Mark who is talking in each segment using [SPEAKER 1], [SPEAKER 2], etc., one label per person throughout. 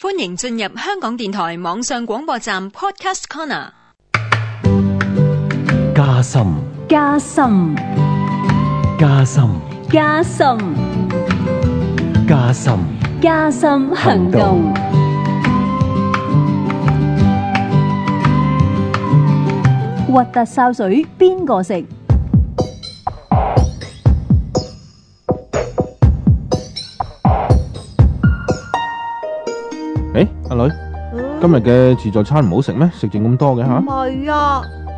[SPEAKER 1] 歡迎進入香港電台網上廣播站 Podcast Corner。加深，加深，加深，加深，加深，加深行動。核突餿水邊個食？
[SPEAKER 2] 誒，阿女，今日嘅自助餐唔好食咩？食剩咁多嘅吓，唔係啊，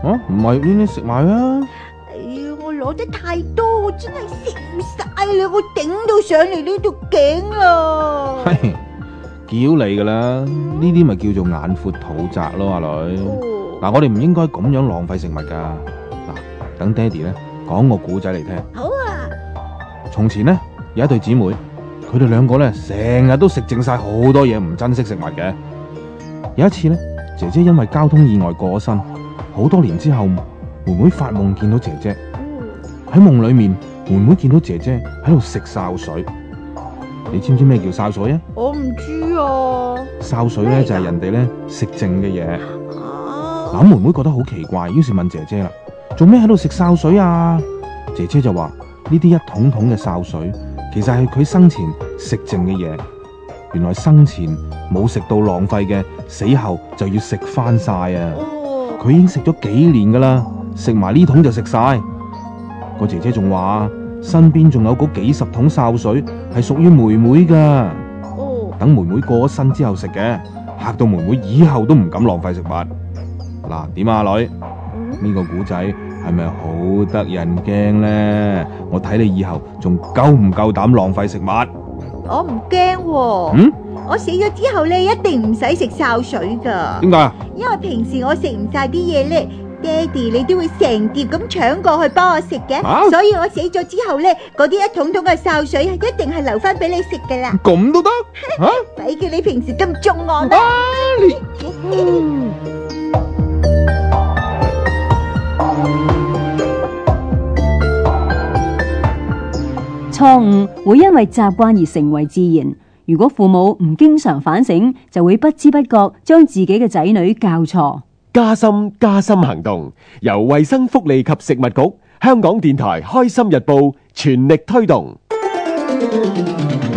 [SPEAKER 2] 啊，唔係呢啲食埋啦。
[SPEAKER 1] 哎，我攞得太多，我真係食唔晒啦，我頂到上嚟呢度頸啦。
[SPEAKER 2] 係，叫你噶啦，呢啲咪叫做眼闊肚窄咯，阿女。嗱，我哋唔應該咁樣浪費食物噶。嗱，等爹哋咧講個古仔嚟聽。好啊，從前咧有一對姊妹。佢哋兩個咧成日都食淨晒好多嘢，唔珍惜食物嘅。有一次咧，姐姐因為交通意外過咗身，好多年之後，妹妹發夢見到姐姐喺、嗯、夢裏面，妹妹見到姐姐喺度食潲水。你知唔知咩叫潲水
[SPEAKER 1] 啊？我唔知啊。
[SPEAKER 2] 潲水咧就係、是、人哋咧食剩嘅嘢。啊！嗱，妹妹覺得好奇怪，於是問姐姐啦：做咩喺度食潲水啊？姐姐就話。呢啲一桶桶嘅潲水，其實係佢生前食剩嘅嘢。原來生前冇食到浪費嘅，死後就要食返晒啊！佢已經食咗幾年噶啦，食埋呢桶就食晒。個姐姐仲話，身邊仲有嗰幾十桶潲水係屬於妹妹噶，等妹妹過咗身之後食嘅，嚇到妹妹以後都唔敢浪費食物。嗱，點啊女？呢個古仔係咪好得人驚咧？我睇你以後仲夠唔夠膽浪費食物？
[SPEAKER 1] 我唔驚喎。嗯，我死咗之後咧，一定唔使食潲水噶。點解？因為平時我食唔晒啲嘢咧，爹哋你都會成碟咁搶過去幫我食嘅，所以我死咗之後咧，嗰啲一桶桶嘅潲水一定係留翻俾你食噶啦。
[SPEAKER 2] 咁都得？
[SPEAKER 1] 啊？鬼叫你平時咁縱我多。錯誤會因為習慣而成為自然。如果父母唔經常反省，就會不知不覺將自己嘅仔女教錯。
[SPEAKER 2] 加深家心行動，由衛生福利及食物局、香港電台、開心日報全力推動。